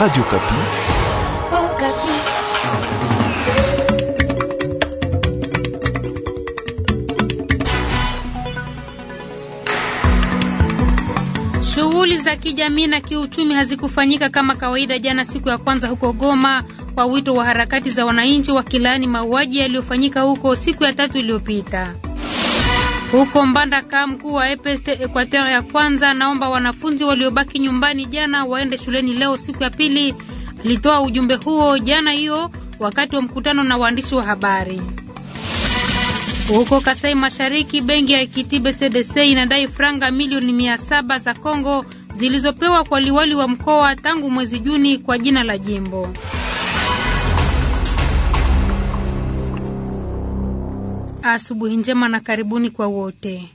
Radio Kapi. Oh, Kapi. Shughuli za kijamii na kiuchumi hazikufanyika kama kawaida jana siku ya kwanza huko Goma kwa wito wa harakati za wananchi wakilaani mauaji yaliyofanyika huko siku ya tatu iliyopita. Huko Mbandaka, mkuu wa EPST Equateur ya kwanza naomba wanafunzi waliobaki nyumbani jana waende shuleni leo siku ya pili. Alitoa ujumbe huo jana hiyo wakati wa mkutano na waandishi wa habari. Huko Kasai Mashariki, benki ya Equity CDC inadai franga milioni mia saba za Kongo zilizopewa kwa liwali wa mkoa tangu mwezi Juni kwa jina la jimbo. Asubuhi njema na karibuni kwa wote.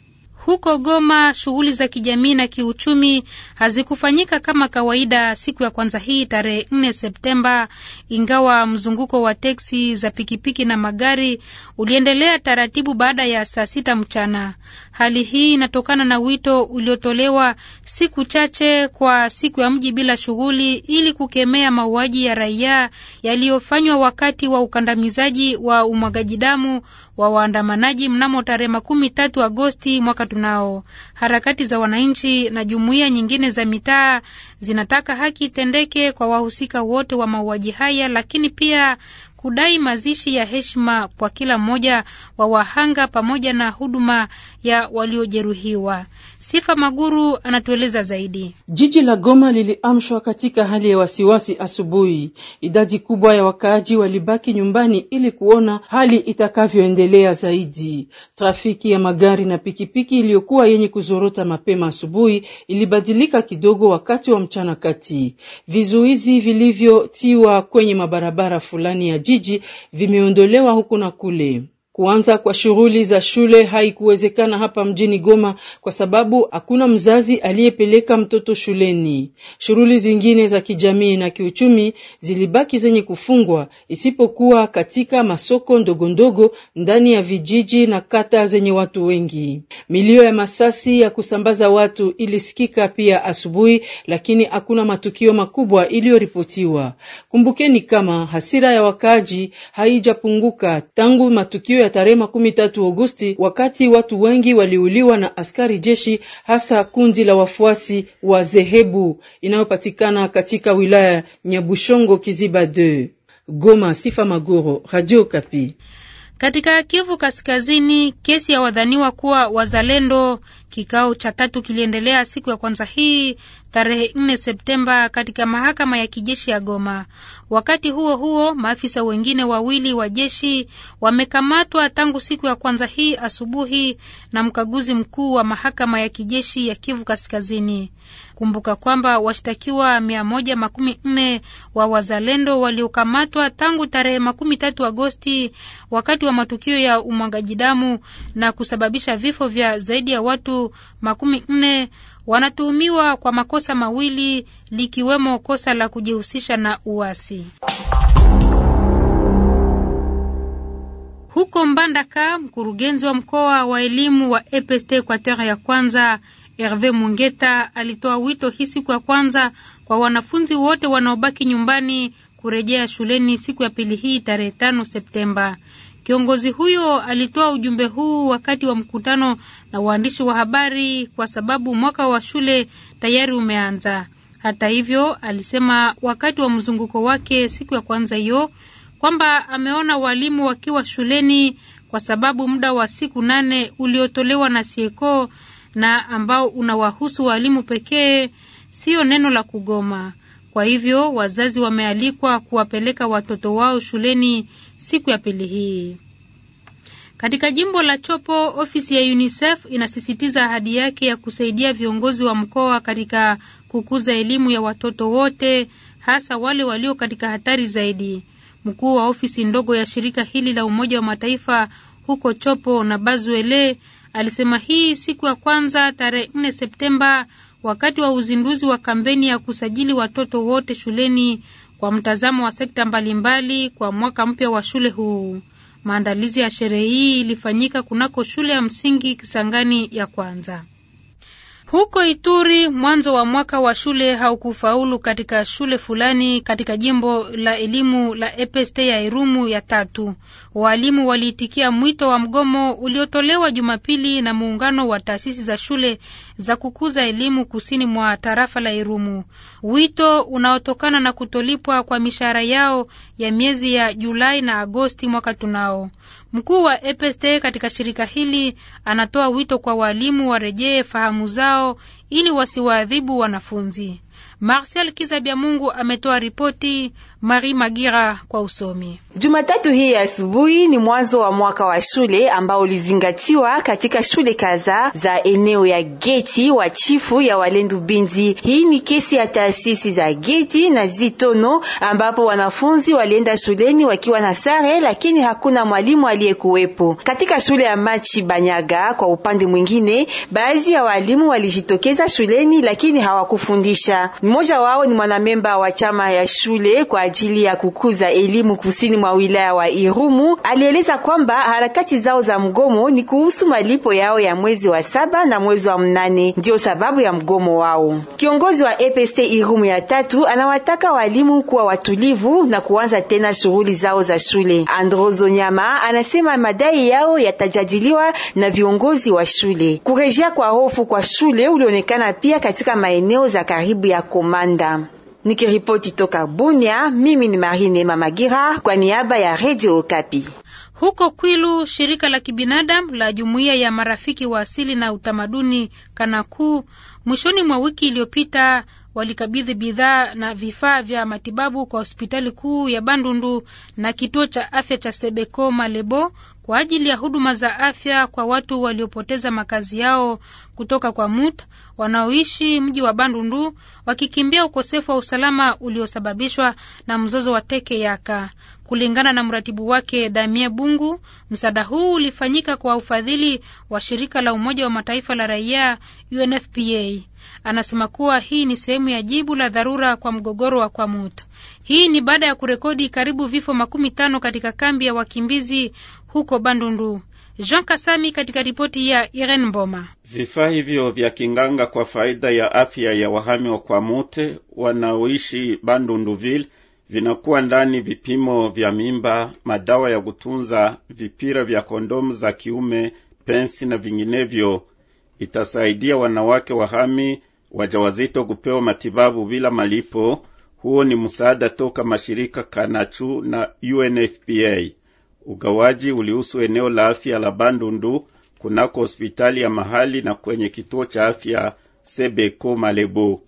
Huko Goma, shughuli za kijamii na kiuchumi hazikufanyika kama kawaida siku ya kwanza hii tarehe 4 Septemba, ingawa mzunguko wa teksi za pikipiki na magari uliendelea taratibu baada ya saa sita mchana. Hali hii inatokana na wito uliotolewa siku chache kwa siku ya mji bila shughuli ili kukemea mauaji ya raia yaliyofanywa wakati wa ukandamizaji wa umwagaji damu wa waandamanaji mnamo tarehe makumi tatu Agosti mwaka nao. Harakati za wananchi na jumuiya nyingine za mitaa zinataka haki itendeke kwa wahusika wote wa mauaji haya, lakini pia kudai mazishi ya heshima kwa kila mmoja wa wahanga pamoja na huduma ya waliojeruhiwa. Sifa Maguru anatueleza zaidi. Jiji la Goma liliamshwa katika hali ya wasiwasi asubuhi. Idadi kubwa ya wakaaji walibaki nyumbani ili kuona hali itakavyoendelea zaidi. Trafiki ya magari na pikipiki iliyokuwa yenye kuzorota mapema asubuhi ilibadilika kidogo wakati wa mchana kati. Vizuizi vilivyotiwa kwenye mabarabara fulani ya jiji vimeondolewa huku na kule. Kuanza kwa shughuli za shule haikuwezekana hapa mjini Goma kwa sababu hakuna mzazi aliyepeleka mtoto shuleni. Shughuli zingine za kijamii na kiuchumi zilibaki zenye kufungwa isipokuwa katika masoko ndogondogo ndani ya vijiji na kata zenye watu wengi. Milio ya masasi ya kusambaza watu ilisikika pia asubuhi, lakini hakuna matukio makubwa iliyoripotiwa. Kumbukeni kama hasira ya wakaaji haijapunguka tangu matukio ya tarehe makumi tatu Agosti, wakati watu wengi waliuliwa na askari jeshi, hasa kundi la wafuasi wa zehebu inayopatikana katika wilaya Nyabushongo Kiziba 2. Goma, Sifa Magoro, Radio Kapi. Katika Kivu Kaskazini, kesi ya wadhaniwa kuwa wazalendo, kikao cha tatu kiliendelea siku ya kwanza hii tarehe 4 Septemba katika mahakama ya kijeshi ya Goma. Wakati huo huo, maafisa wengine wawili wa jeshi wamekamatwa tangu siku ya kwanza hii asubuhi na mkaguzi mkuu wa mahakama ya kijeshi ya Kivu Kaskazini. Kumbuka kwamba washtakiwa 114 wa wazalendo waliokamatwa tangu tarehe 13 Agosti wakati wa matukio ya umwagaji damu na kusababisha vifo vya zaidi ya watu makumi nne wanatuhumiwa kwa makosa mawili likiwemo kosa la kujihusisha na uasi. Huko Mbandaka, mkurugenzi wa mkoa wa elimu wa EPST Equateur ya kwanza Herve Mungeta alitoa wito hii siku ya kwanza kwa wanafunzi wote wanaobaki nyumbani kurejea shuleni siku ya pili hii tarehe tano Septemba. Kiongozi huyo alitoa ujumbe huu wakati wa mkutano na waandishi wa habari kwa sababu mwaka wa shule tayari umeanza. Hata hivyo, alisema wakati wa mzunguko wake siku ya kwanza hiyo kwamba ameona walimu wakiwa shuleni kwa sababu muda wa siku nane uliotolewa na Sieko na ambao unawahusu walimu pekee, siyo neno la kugoma. Kwa hivyo wazazi wamealikwa kuwapeleka watoto wao shuleni siku ya pili hii. Katika jimbo la Chopo, ofisi ya UNICEF inasisitiza ahadi yake ya kusaidia viongozi wa mkoa katika kukuza elimu ya watoto wote, hasa wale walio katika hatari zaidi. Mkuu wa ofisi ndogo ya shirika hili la Umoja wa Mataifa huko Chopo na Bazuele alisema hii siku ya kwanza tarehe 4 Septemba wakati wa uzinduzi wa kampeni ya kusajili watoto wote shuleni kwa mtazamo wa sekta mbalimbali kwa mwaka mpya wa shule huu. Maandalizi ya sherehe hii ilifanyika kunako shule ya msingi Kisangani ya kwanza. Huko Ituri, mwanzo wa mwaka wa shule haukufaulu katika shule fulani katika jimbo la elimu la EPST ya Irumu ya tatu. waalimu waliitikia mwito wa mgomo uliotolewa Jumapili na muungano wa taasisi za shule za kukuza elimu kusini mwa tarafa la Irumu, wito unaotokana na kutolipwa kwa mishahara yao ya miezi ya Julai na Agosti mwaka tunao. Mkuu wa EPST katika shirika hili anatoa wito kwa walimu warejee fahamu zao ili wasiwaadhibu wanafunzi. Marcel Kizabia Mungu ametoa ripoti Mari Magira kwa usomi. Jumatatu hii asubuhi ni mwanzo wa mwaka wa shule ambao ulizingatiwa katika shule kadhaa za eneo ya Geti wa chifu ya Walendu Bindi. Hii ni kesi ya taasisi za Geti na Zitono ambapo wanafunzi walienda shuleni wakiwa na sare, lakini hakuna mwalimu aliyekuwepo. Katika shule ya Machi Banyaga, kwa upande mwingine, baadhi ya walimu walijitokeza shuleni lakini hawakufundisha. Mmoja wao ni mwanamemba wa chama ya shule kwa ajili ya kukuza elimu kusini mwa wilaya wa Irumu alieleza kwamba harakati zao za mgomo ni kuhusu malipo yao ya mwezi wa saba na mwezi wa mnane, ndiyo sababu ya mgomo wao. Kiongozi wa EPC Irumu ya tatu anawataka walimu kuwa watulivu na kuanza tena shughuli zao za shule. Androzo Nyama anasema madai yao yatajadiliwa na viongozi wa shule. Kurejea kwa hofu kwa shule ulionekana pia katika maeneo za karibu ya Komanda. Nikiripoti toka Bunia, mimi ni Marine Mamagira kwa niaba ya Radio Kapi. Huko Kwilu, shirika la kibinadamu la jumuiya ya marafiki wa asili na utamaduni Kanakuu, mwishoni mwa wiki iliyopita walikabidhi bidhaa na vifaa vya matibabu kwa hospitali kuu ya Bandundu na kituo cha afya cha Sebeko Malebo kwa ajili ya huduma za afya kwa watu waliopoteza makazi yao kutoka kwa MUT wanaoishi mji wa Bandundu wakikimbia ukosefu wa usalama uliosababishwa na mzozo wa Teke Yaka. Kulingana na mratibu wake Damie Bungu, msaada huu ulifanyika kwa ufadhili wa shirika la Umoja wa Mataifa la raia UNFPA. Anasema kuwa hii ni sehemu ya jibu la dharura kwa mgogoro wa Kwamut. Hii ni baada ya kurekodi karibu vifo makumi tano katika kambi ya wakimbizi huko Bandundu. Jean Kasami katika ripoti ya Irene Mboma. Vifaa hivyo vya kinganga kwa faida ya afya ya wahami wa Kwamute wanaoishi Bandunduville vinakuwa ndani vipimo vya mimba, madawa ya kutunza, vipira vya kondomu za kiume, pensi na vinginevyo. Itasaidia wanawake wahami wajawazito kupewa matibabu bila malipo. Huo ni msaada toka mashirika Kanachu na UNFPA. Ugawaji ulihusu eneo la afya la Bandundu kunako hospitali ya mahali na kwenye kituo cha afya Sebeko Malebo.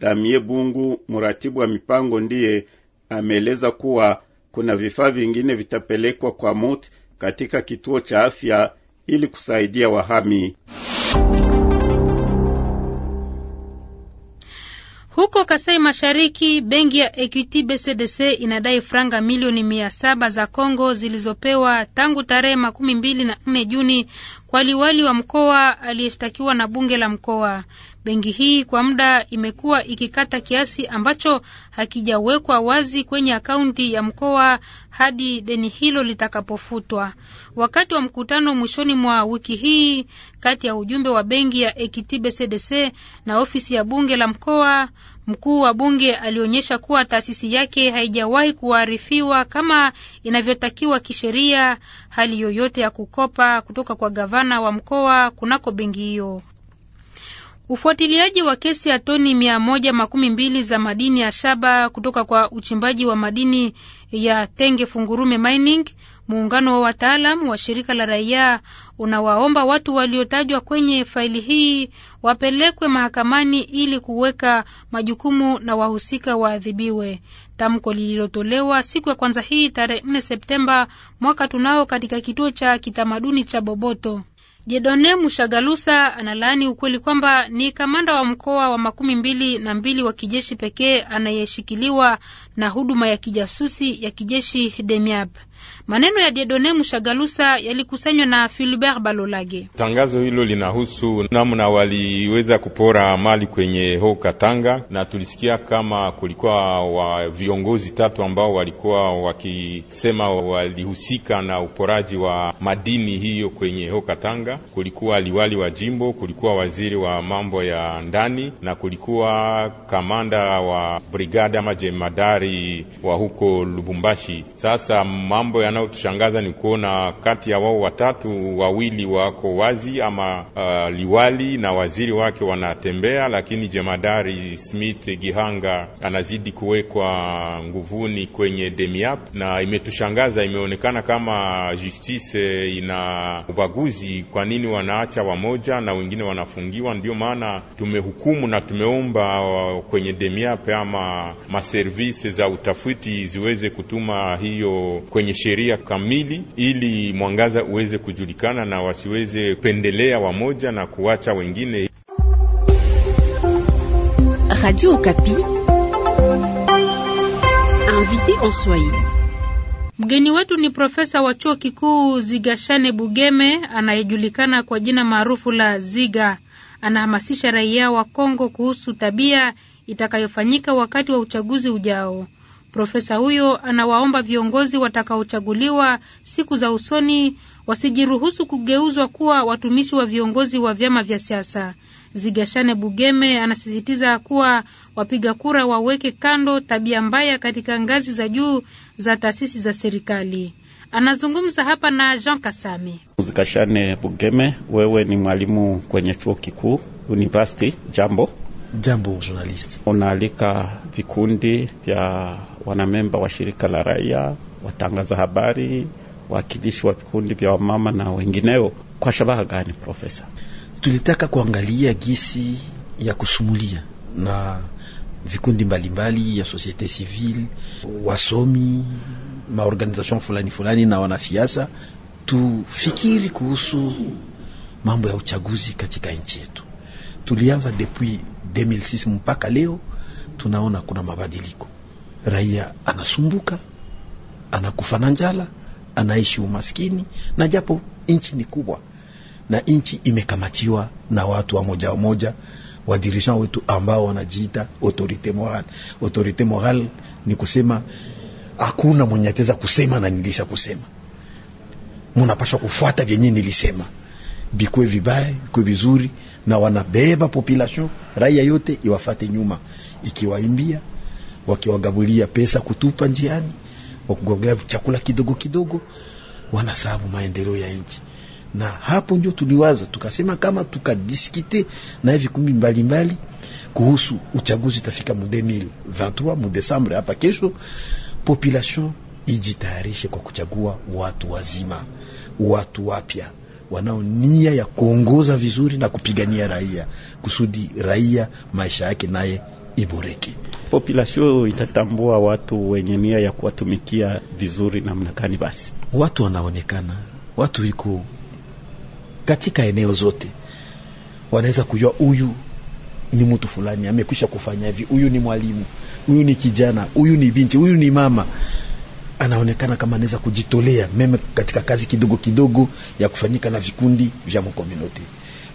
Damie Bungu, muratibu wa mipango, ndiye ameeleza kuwa kuna vifaa vingine vitapelekwa kwa MUT katika kituo cha afya ili kusaidia wahami. Huko Kasai Mashariki, benki ya Equity BCDC inadai franga milioni mia saba za congo zilizopewa tangu tarehe makumi mbili na nne Juni kwa liwali wa mkoa aliyeshtakiwa na bunge la mkoa. Benki hii kwa muda imekuwa ikikata kiasi ambacho hakijawekwa wazi kwenye akaunti ya mkoa hadi deni hilo litakapofutwa. Wakati wa mkutano mwishoni mwa wiki hii kati ya ujumbe wa benki ya Equity BCDC na ofisi ya bunge la mkoa Mkuu wa bunge alionyesha kuwa taasisi yake haijawahi kuarifiwa kama inavyotakiwa kisheria hali yoyote ya kukopa kutoka kwa gavana wa mkoa kunako benki hiyo. Ufuatiliaji wa kesi ya toni mia moja makumi mbili za madini ya shaba kutoka kwa uchimbaji wa madini ya Tenge Fungurume Mining Muungano wa wataalam wa shirika la raia unawaomba watu waliotajwa kwenye faili hii wapelekwe mahakamani ili kuweka majukumu na wahusika waadhibiwe. Tamko lililotolewa siku ya kwanza hii tarehe 4 Septemba mwaka tunao katika kituo cha kitamaduni cha Boboto. Jedone Mushagalusa analaani ukweli kwamba ni kamanda wa mkoa wa makumi mbili na mbili wa kijeshi pekee anayeshikiliwa na huduma ya kijasusi ya kijeshi Demiab. Maneno ya Diedone Mushagalusa yalikusanywa na Filibert Balolage. Tangazo hilo linahusu namna waliweza kupora mali kwenye ho Katanga, na tulisikia kama kulikuwa wa viongozi tatu ambao walikuwa wakisema walihusika na uporaji wa madini hiyo kwenye ho Katanga. Kulikuwa liwali wa jimbo, kulikuwa waziri wa mambo ya ndani na kulikuwa kamanda wa brigada ama jemadari wa huko Lubumbashi. Sasa mambo Mambo yanayotushangaza ni kuona kati ya wao watatu wawili wako wazi ama uh, liwali na waziri wake wanatembea, lakini jemadari Smith Gihanga anazidi kuwekwa nguvuni kwenye DEMIAP, na imetushangaza imeonekana kama justice ina ubaguzi. Kwa nini wanaacha wamoja na wengine wanafungiwa? Ndio maana tumehukumu na tumeomba uh, kwenye DEMIAP ama maservisi za utafiti ziweze kutuma hiyo kwenye sheria kamili, ili mwangaza uweze kujulikana na wasiweze pendelea wamoja na kuacha wengine. Radio Okapi, invité en Swahili. Mgeni wetu ni profesa wa chuo kikuu Zigashane Bugeme anayejulikana kwa jina maarufu la Ziga. Anahamasisha raia wa Kongo kuhusu tabia itakayofanyika wakati wa uchaguzi ujao. Profesa huyo anawaomba viongozi watakaochaguliwa siku za usoni wasijiruhusu kugeuzwa kuwa watumishi wa viongozi wa vyama vya siasa. Zigashane Bugeme anasisitiza kuwa wapiga kura waweke kando tabia mbaya katika ngazi za juu za taasisi za serikali. Anazungumza hapa na Jean Kasami. Zigashane Bugeme, wewe ni mwalimu kwenye chuo kikuu university. Jambo jambo, journalist. Unaalika vikundi vya wanamemba wa shirika la raia, watangaza habari, wakilishi wa vikundi vya wamama na wengineo. Kwa shabaha gani, Profesa? Tulitaka kuangalia gisi ya kusumulia na vikundi mbalimbali mbali ya societe civile, wasomi, maorganization fulani fulani na wanasiasa, tufikiri kuhusu mambo ya uchaguzi katika nchi yetu. Tulianza depuis 2006 mpaka leo tunaona kuna mabadiliko raia anasumbuka, anakufa na njala, anaishi umaskini, na japo nchi ni kubwa na nchi imekamatiwa na watu wa moja wa moja wetu ambao wanajiita autorite moral. Autorite moral ni kusema hakuna mwenye ateza kusema na nilisha kusema, munapashwa kufuata vyenye nilisema, bikwe vibaya bikwe vizuri, na wanabeba population raia yote iwafate nyuma, ikiwaimbia wakiwagabulia pesa kutupa njiani, wakugabulia chakula kidogo kidogo, wanasabu maendeleo ya nchi. Na hapo ndio tuliwaza tukasema, kama tukadiskite na hivi kumbi mbalimbali kuhusu uchaguzi utafika mu 2023 mu Desembre hapa kesho, population ijitayarishe kwa kuchagua watu wazima, watu wapya wanao nia ya kuongoza vizuri na kupigania raia kusudi raia maisha yake naye iboreke. Population itatambua watu wenye nia ya kuwatumikia vizuri namna gani? Basi watu wanaonekana, watu iko katika eneo zote, wanaweza kujua huyu ni mtu fulani amekwisha kufanya hivi, huyu ni mwalimu, huyu ni kijana, huyu ni binti, huyu ni mama anaonekana kama anaweza kujitolea meme katika kazi kidogo kidogo ya kufanyika na vikundi vya mkomuniti,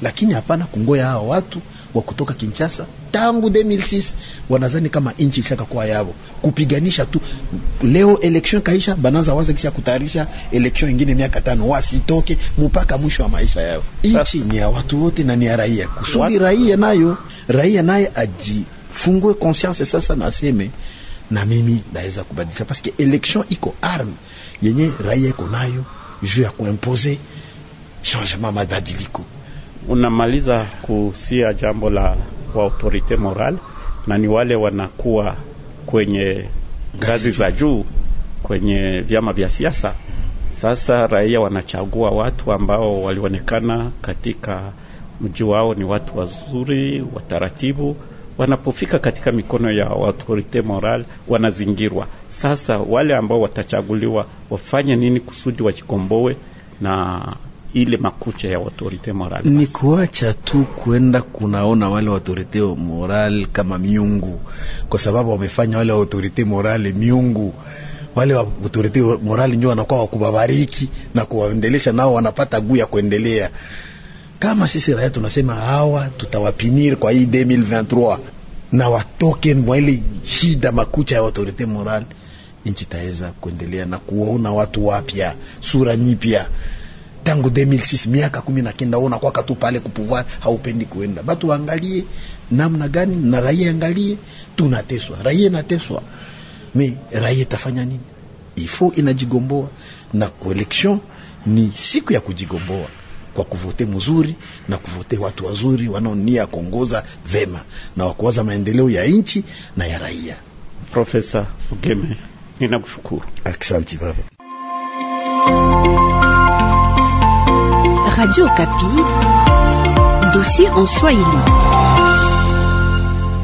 lakini hapana kungoya hao watu wa kutoka Kinshasa tangu 2006 wanazani kama inchi ishaka kwa yao kupiganisha tu. Leo election kaisha, banaanza waza kisha kutayarisha election nyingine miaka tano, wasitoke mpaka mwisho wa maisha yao. Inchi ni ya watu wote na ni ya raia, kusudi raia nayo raia naye ajifungue conscience sasa, na aseme na mimi naweza kubadilisha, paske election iko arme yenye raia iko nayo juu ya kuimpose changement mabadiliko unamaliza kusia jambo la wa autorite moral, na ni wale wanakuwa kwenye ngazi za juu kwenye vyama vya siasa. Sasa raia wanachagua watu ambao walionekana katika mji wao ni watu wazuri wataratibu. Wanapofika katika mikono ya autorite moral, wanazingirwa. Sasa wale ambao watachaguliwa wafanye nini kusudi wajikomboe na ile makucha ya autorite moral ni kuacha tu kwenda kunaona wale autorite moral kama miungu, kwa sababu wamefanya wale autorite moral miungu wale wa autorite moral ndio wanakuwa wakubabariki na kuwaendelesha, nao wanapata guu ya kuendelea. Kama sisi raia tunasema hawa tutawapinir kwa hii 2023 na watoke mwa shida makucha ya autorite moral, nchi itaweza kuendelea na kuona watu wapya, sura nyipya tangu 2006 miaka kumi na kenda ona kwaka tu pale kupuvua, haupendi kuenda. Batu waangalie namna gani, na raia angalie, tunateswa raia, inateswa me raia tafanya nini? Ifo inajigomboa na koeleksyon ni siku ya kujigomboa kwa kuvote mzuri na kuvote watu wazuri wanaonia kuongoza vema na wakuwaza maendeleo ya nchi na ya raia. Profesa Ugeme, ninakushukuru. Asante baba. Radio Kapi, dossier en Swahili.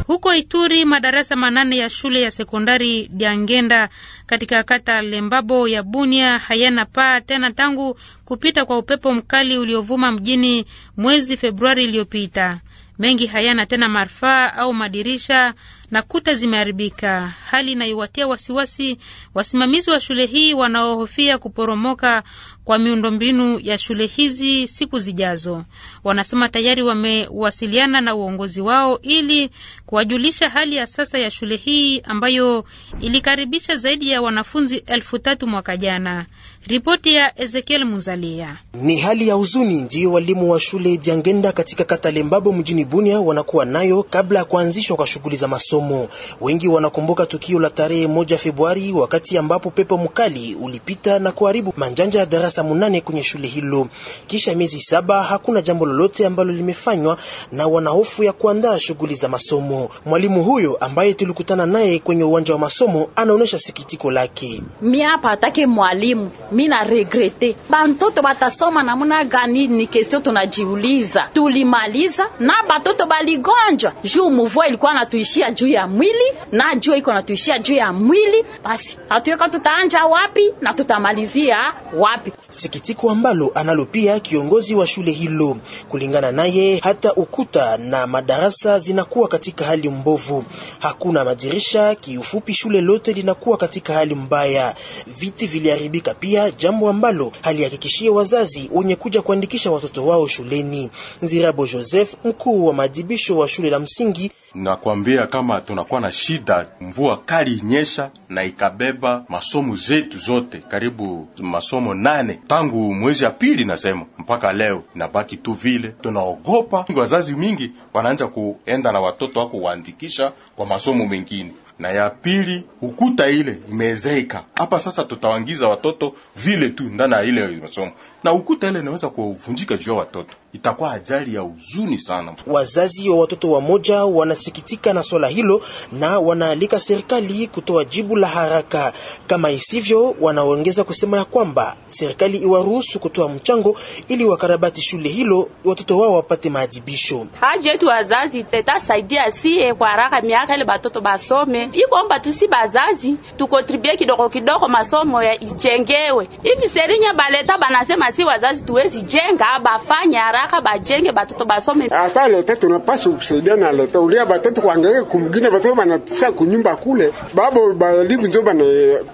Huko Ituri madarasa manane ya shule ya sekondari Diangenda katika kata Lembabo ya Bunia hayana paa tena tangu kupita kwa upepo mkali uliovuma mjini mwezi Februari iliyopita mengi hayana tena marfaa au madirisha na kuta zimeharibika, hali inayowatia wasiwasi wasimamizi wa shule hii wanaohofia kuporomoka kwa miundombinu ya shule hizi siku zijazo. Wanasema tayari wamewasiliana na uongozi wao ili kuwajulisha hali ya sasa ya shule hii ambayo ilikaribisha zaidi ya wanafunzi elfu tatu mwaka jana. Ripoti ya Ezekiel Muzalia. Ni hali ya huzuni ndiyo walimu wa shule Jangenda katika kata Lembabo mjini mjini Bunia wanakuwa nayo kabla ya kuanzishwa kwa shughuli za masomo. Wengi wanakumbuka tukio la tarehe moja Februari, wakati ambapo pepo mkali ulipita na kuharibu manjanja ya darasa munane kwenye shule hilo. Kisha miezi saba hakuna jambo lolote ambalo limefanywa na wanahofu ya kuandaa shughuli za masomo. Mwalimu huyo ambaye tulikutana naye kwenye uwanja wa masomo anaonyesha sikitiko lake. Mi hapa mwalimu, mi na regrete bantoto batasoma namuna gani? Ni kestio tunajiuliza, tulimaliza na batoto baligonjwa juu muvua ilikuwa natuishia juu ya mwili na jua iko natuishia juu ya mwili. Basi hatuweka tutaanja wapi na tutamalizia wapi? Sikitiko ambalo analopia kiongozi wa shule hilo, kulingana naye, hata ukuta na madarasa zinakuwa katika hali mbovu, hakuna madirisha. Kiufupi, shule lote linakuwa katika hali mbaya, viti viliharibika pia, jambo ambalo halihakikishie wazazi wenye kuja kuandikisha watoto wao shuleni. Nzirabo Joseph mkuu mkuu wa maadhibisho wa shule la msingi, nakwambia kama tunakuwa na shida, mvua kali inyesha na ikabeba masomo zetu zote, karibu masomo nane tangu mwezi ya pili, nasema mpaka leo inabaki tu vile. Tunaogopa wazazi mingi wanaanza kuenda na watoto wako waandikisha kwa masomo mengine na ya pili ukuta ile imezeeka hapa. Sasa tutawangiza watoto vile tu ndani ya ile masomo, na ukuta ile inaweza kuvunjika juu ya watoto, itakuwa ajali ya huzuni sana. Wazazi wa watoto wa moja wanasikitika na swala hilo, na wanaalika serikali kutoa jibu la haraka. Kama isivyo, wanaongeza kusema ya kwamba serikali iwaruhusu kutoa mchango ili wakarabati shule hilo, watoto wao wapate maajibisho. Haja yetu wazazi, tetasaidia sie kwa haraka miaka ile watoto basome yenye ikomba tusi bazazi tukotribue kidogo kidogo masomo ya ijengewe hivi. Serinya baleta banasema si wazazi tuwezi jenga, bafanye haraka bajenge batoto basome. Hata leta tunapaswa kusaidia na leta ulia batoto kuangalia kumgine batoto banatusa kunyumba kule babo balimu njo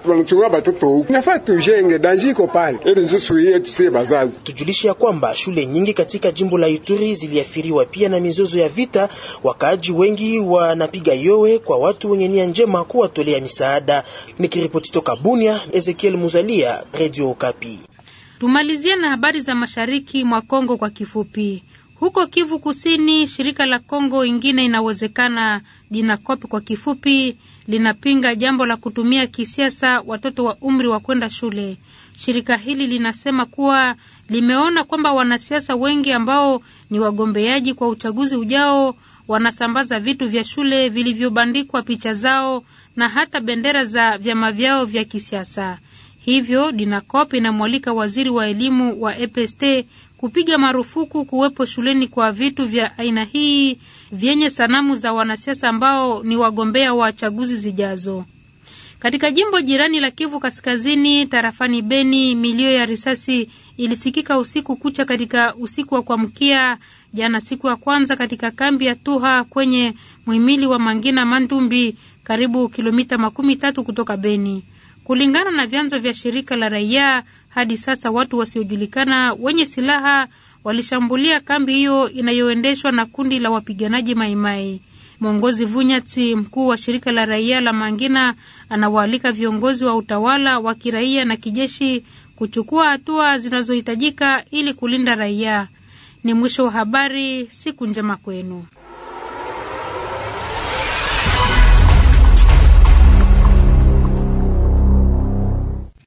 banachukua batoto huku, nafaa tujenge danji iko pale, ili njo suie tusi bazazi. tujulishi ya kwamba shule nyingi katika jimbo la Ituri ziliathiriwa pia na mizozo ya vita, wakaaji wengi wanapiga yowe kwa watu wenye nia njema kuwatolea misaada. Nikiripoti toka Bunia, Ezekiel Muzalia, Radio Okapi. Tumalizie na habari za mashariki mwa Kongo kwa kifupi. Huko Kivu Kusini, shirika la Kongo ingine inawezekana, jina kopi kwa kifupi, linapinga jambo la kutumia kisiasa watoto wa umri wa kwenda shule. Shirika hili linasema kuwa limeona kwamba wanasiasa wengi ambao ni wagombeaji kwa uchaguzi ujao wanasambaza vitu vya shule vilivyobandikwa picha zao na hata bendera za vyama vyao vya kisiasa. Hivyo Dinakop inamwalika waziri wa elimu wa EPST kupiga marufuku kuwepo shuleni kwa vitu vya aina hii vyenye sanamu za wanasiasa ambao ni wagombea wa chaguzi zijazo. Katika jimbo jirani la Kivu Kaskazini, tarafani Beni, milio ya risasi ilisikika usiku kucha katika usiku wa kuamkia jana, siku ya kwanza katika kambi ya Tuha kwenye muhimili wa Mangina mandumbi karibu kilomita makumi tatu kutoka Beni, kulingana na vyanzo vya shirika la raia. Hadi sasa watu wasiojulikana wenye silaha walishambulia kambi hiyo inayoendeshwa na kundi la wapiganaji Maimai. Mwongozi vunyati mkuu wa shirika la raia la Mangina, anawaalika viongozi wa utawala wa kiraia na kijeshi kuchukua hatua zinazohitajika ili kulinda raia. Ni mwisho wa habari. Siku njema kwenu.